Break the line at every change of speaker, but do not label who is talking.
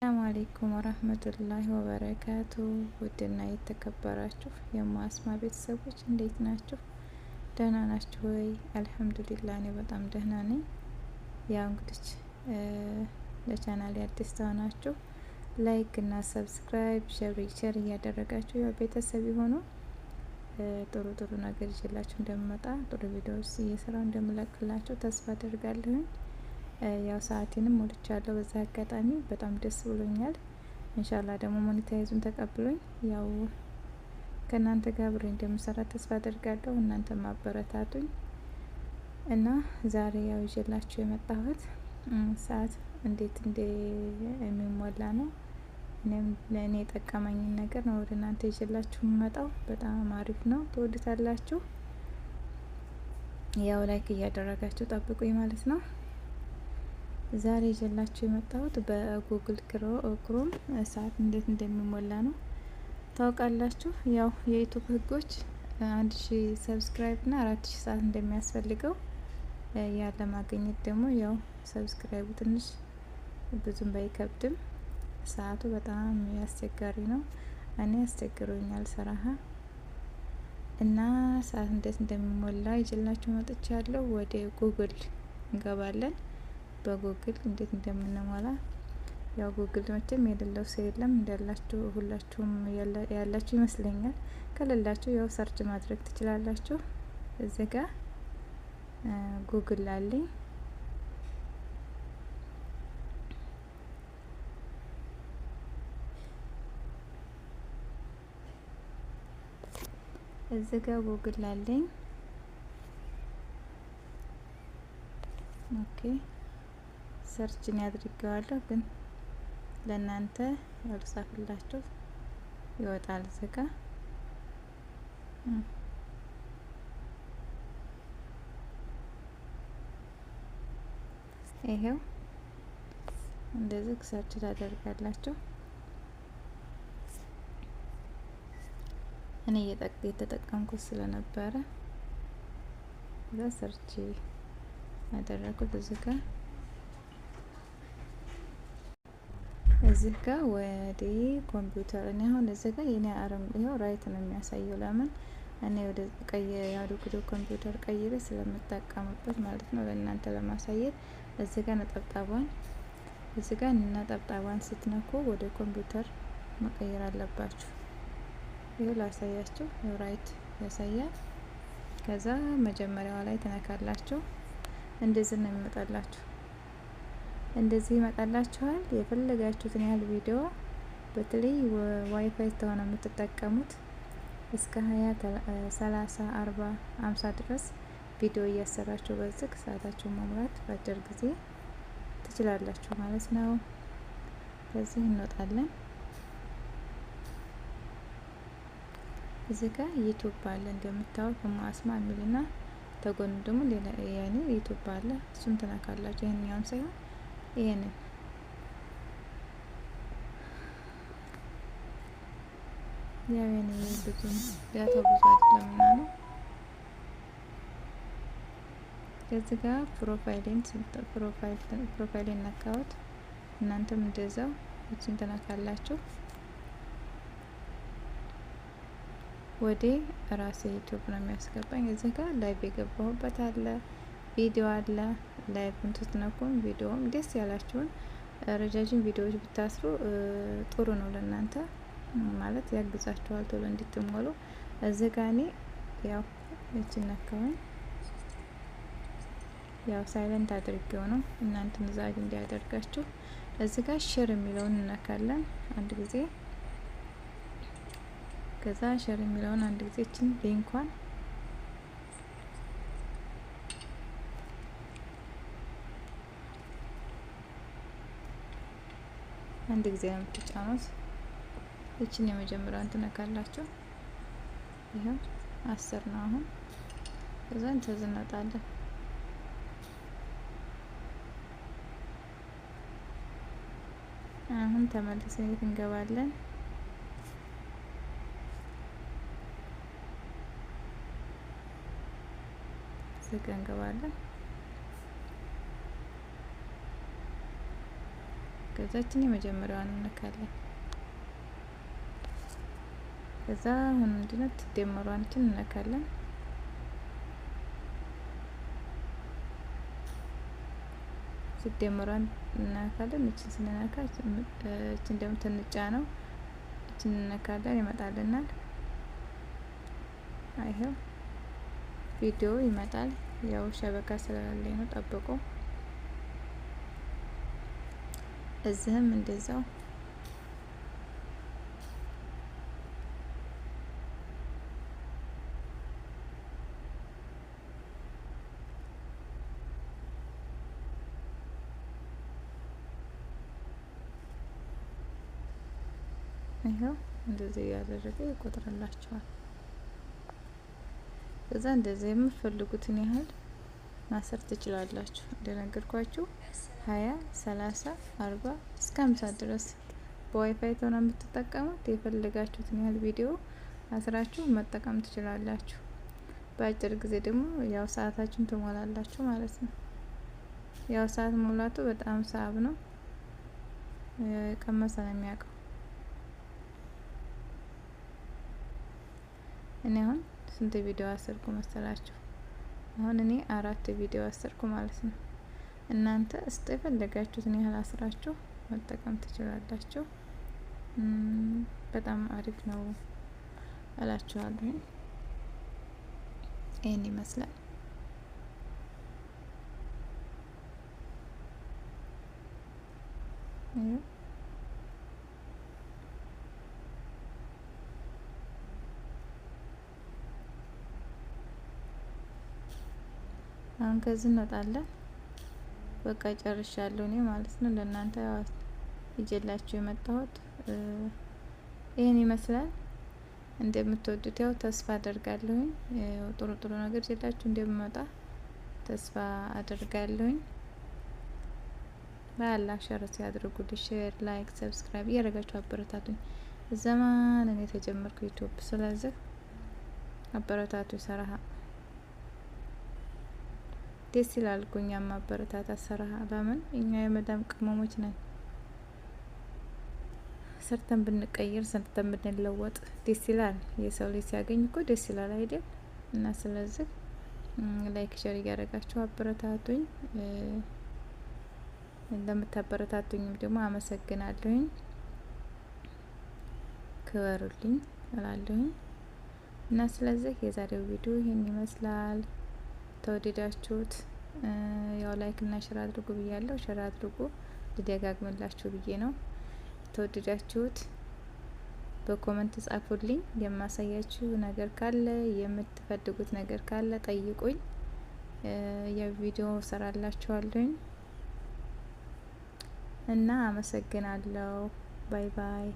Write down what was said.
ሰላም አሌይኩም ወረህመቱላሂ ወበረካቱ ውድና የተከበራችሁ የማስማ ቤተሰቦች እንዴት ናችሁ? ደህና ናችሁ ወይ? አልሐምዱሊላ እኔ በጣም ደህና ነኝ። ያው እንግዲህ ለቻናል አዲስ ናችሁ ላይክ እና ሰብስክራይብ ሸር እያደረጋችሁ ያው ቤተሰብ የሆኑ ጥሩ ጥሩ ነገር ይዤላችሁ እንደምመጣ ጥሩ ቪዲዮዎች እየሰራው እንደምለቅላችሁ ተስፋ አደርጋለሁኝ። ያው ሰዓቴንም ሞልቻለሁ። በዛ አጋጣሚ በጣም ደስ ብሎኛል። እንሻላ ደግሞ ሞኔታይዙን ተቀብሎኝ ያው ከእናንተ ጋር አብሬ እንደምሰራ ተስፋ አደርጋለሁ። እናንተ ማበረታቱኝ እና ዛሬ ያው ይዤላችሁ የመጣሁት ሰዓት እንዴት እንደ የሚሞላ ነው። ለእኔ የጠቀመኝን ነገር ነው ወደ እናንተ ይዤላችሁ የምመጣው። በጣም አሪፍ ነው፣ ትወዱታላችሁ። ያው ላይክ እያደረጋችሁ ጠብቁኝ ማለት ነው። ዛሬ ይዤላችሁ የመጣሁት በጉግል ክሮም ሰዓት እንዴት እንደሚሞላ ነው። ታውቃላችሁ ያው የዩቱብ ህጎች አንድ ሺ ሰብስክራይብ ና አራት ሺ ሰዓት እንደሚያስፈልገው ያ ለማግኘት ደግሞ ያው ሰብስክራይቡ ትንሽ ብዙም ባይከብድም ሰዓቱ በጣም አስቸጋሪ ነው። እኔ ያስቸግሮኛል ስራሀ እና ሰዓት እንዴት እንደሚሞላ ይዤላችሁ መጥቻለሁ። ወደ ጉግል እንገባለን። በጉግል እንዴት እንደምንሞላ ያው ጉግል መቼም የሌለው ሰው የለም እንዳላችሁ ሁላችሁም ያላችሁ ይመስለኛል። ከሌላችሁ ያው ሰርች ማድረግ ትችላላችሁ። እዚህ ጋር ጉግል አለኝ። እዚህ ጋር ጉግል አለኝ። ኦኬ ሰርችን ያድርገዋለሁ ግን ለእናንተ ያልጻፍላችሁ ይወጣል ዝጋ ይሄው እንደዚህ ሰርች ታደርጋላችሁ። እኔ እየጠቅ የተጠቀምኩት ስለነበረ እዛ ሰርች ያደረኩት እዚህ ጋር እዚህ ጋር ወደ ኮምፒውተር እኔ አሁን እዚህ ጋር የኔ አርም ይኸው ራይት ነው የሚያሳየው። ለምን እኔ ወደ ቀየ ያዶክዶ ኮምፒውተር ቀይሬ ስለምጠቀምበት ማለት ነው ለእናንተ ለማሳየት። እዚህ ጋር ነጠብጣቧን እዚህ ጋር ነጠብጣቧን ስትነኩ ወደ ኮምፒውተር መቀየር አለባችሁ። ይኸው ላሳያችሁ፣ ራይት ያሳያል። ከዛ መጀመሪያዋ ላይ ትነካላችሁ። እንደዚህ ነው የሚመጣላችሁ። እንደዚህ ይመጣላችኋል። የፈለጋችሁትን ያህል ቪዲዮ በተለይ ዋይፋይ ተሆነ የምትጠቀሙት እስከ ሀያ ሰላሳ አርባ አምሳ ድረስ ቪዲዮ እያሰራችሁ በዝግ ሰዓታችሁ መሙላት በአጭር ጊዜ ትችላላችሁ ማለት ነው። በዚህ እንወጣለን። እዚህ ጋር ዩቱብ አለ እንደምታወቅ ከማስማ የሚልና ተጎኑ ደግሞ ሌላ ያኔ ዩቱብ አለ። እሱን ትነካላችሁ ያውም ሳይሆን ይሄንን ያኔ ብዙ ዳታ አይደለምና ነው። ከዚህ ጋር ፕሮፋይልን ፕሮፋይልን ነካሁት። እናንተም እንደዛው እችን ትነካላችሁ። ወደ ራሴ ዩቲዩብ ነው የሚያስገባኝ። እዚህ ጋር ላይቭ የገባሁበት አለ። ቪዲዮ አለ ላይኩን ትትነኩ ቪዲዮም ደስ ያላችሁን ረጃጅም ቪዲዮዎች ብታስሩ ጥሩ ነው ለእናንተ ማለት ያግዛችኋል ቶሎ እንድትሞሉ። እዚህ ጋ እኔ ያው እችነካውን ያው ሳይለንት አድርጌው ነው እናንተ ምዛጅ እንዲያደርጋችሁ። እዚህ ጋ ሽር የሚለውን እነካለን አንድ ጊዜ ከዛ ሽር የሚለውን አንድ ጊዜ እችን ሊንኳን አንድ ጊዜ ነው የምትጫኑት። እችን የመጀመሪያውን ትነካላችሁ። ይኸው አስር ነው አሁን። ከዛ እንትዝ እንወጣለን። አሁን ተመልሰን የት እንገባለን? ዝግ እንገባለን። ከዛችን የመጀመሪያዋን እንነካለን። ከዛ አሁን ምንድነው ትደመሯንችን እንነካለን። ስደመሯን እንነካለን። እችን ስንነካ እችን ትንጫ ነው። እችን እንነካለን ይመጣልናል። አይኸው ቪዲዮ ይመጣል። ያው ሸበካ ስላለኝ ነው ጠብቆ እዚህም እንደዛው ይኸው እንደዚህ እያደረገ ይቆጥርላችኋል። ከዛ እንደዚህ የምትፈልጉትን ያህል ማሰር ትችላላችሁ እንደነገርኳችሁ ሀያ ሰላሳ አርባ እስከ ሀምሳ ድረስ በዋይፋይ ተሆነ የምትጠቀሙት የፈለጋችሁትን ያህል ቪዲዮ አስራችሁ መጠቀም ትችላላችሁ። በአጭር ጊዜ ደግሞ ያው ሰዓታችሁን ትሞላላችሁ ማለት ነው። ያው ሰዓት ሞላቱ በጣም ሳብ ነው፣ ቀመሰ ነው የሚያውቀው። እኔ አሁን ስንት ቪዲዮ አሰርኩ መሰላችሁ? አሁን እኔ አራት ቪዲዮ አሰርኩ ማለት ነው። እናንተ እስጥ የፈለጋችሁትን ያህል አስራችሁ መጠቀም ትችላላችሁ። በጣም አሪፍ ነው እላችኋለሁ። ይህን ይመስላል። አሁን ከዚህ እንወጣለን። በቃ ጨርሻለሁ እኔ ማለት ነው። ለእናንተ ይጀላችሁ የመጣሁት ይህን ይመስላል። እንደምትወዱት ያው ተስፋ አደርጋለሁኝ። ጥሩ ጥሩ ነገር ይዤላችሁ እንደምመጣ ተስፋ አደርጋለሁኝ። በአላህ ሸርት ያድርጉልኝ። ሼር፣ ላይክ፣ ሰብስክራይብ እያደረጋችሁ አበረታቱኝ። ዘማን እኔ የተጀመርኩ ዩቱብ ስለዚህ አበረታቱ ይሰራሃል ደስ ይላል እኮ እኛ ማበረታታት ስራ። ለምን እኛ የመዳም ቅመሞች ነን። ሰርተን ብንቀይር ሰርተን ብንለወጥ ደስ ይላል። የሰው ልጅ ሲያገኝ እኮ ደስ ይላል አይደል? እና ስለዚህ ላይክ ሸር እያደረጋችሁ አበረታቱኝ። እንደምታበረታቱኝም ደግሞ አመሰግናለሁኝ። ክበሩልኝ እላለሁኝ። እና ስለዚህ የዛሬው ቪዲዮ ይህን ይመስላል። ተወደዳችሁት ያው ላይክ እና ሸር አድርጉ ብያለሁ። ሸር አድርጉ ልደጋግምላችሁ ብዬ ነው። ተወደዳችሁት በኮመንት ጻፉልኝ። የማሳያችሁ ነገር ካለ የምትፈልጉት ነገር ካለ ጠይቁኝ። የቪዲዮ ሰራላችኋለኝ እና አመሰግናለሁ። ባይ ባይ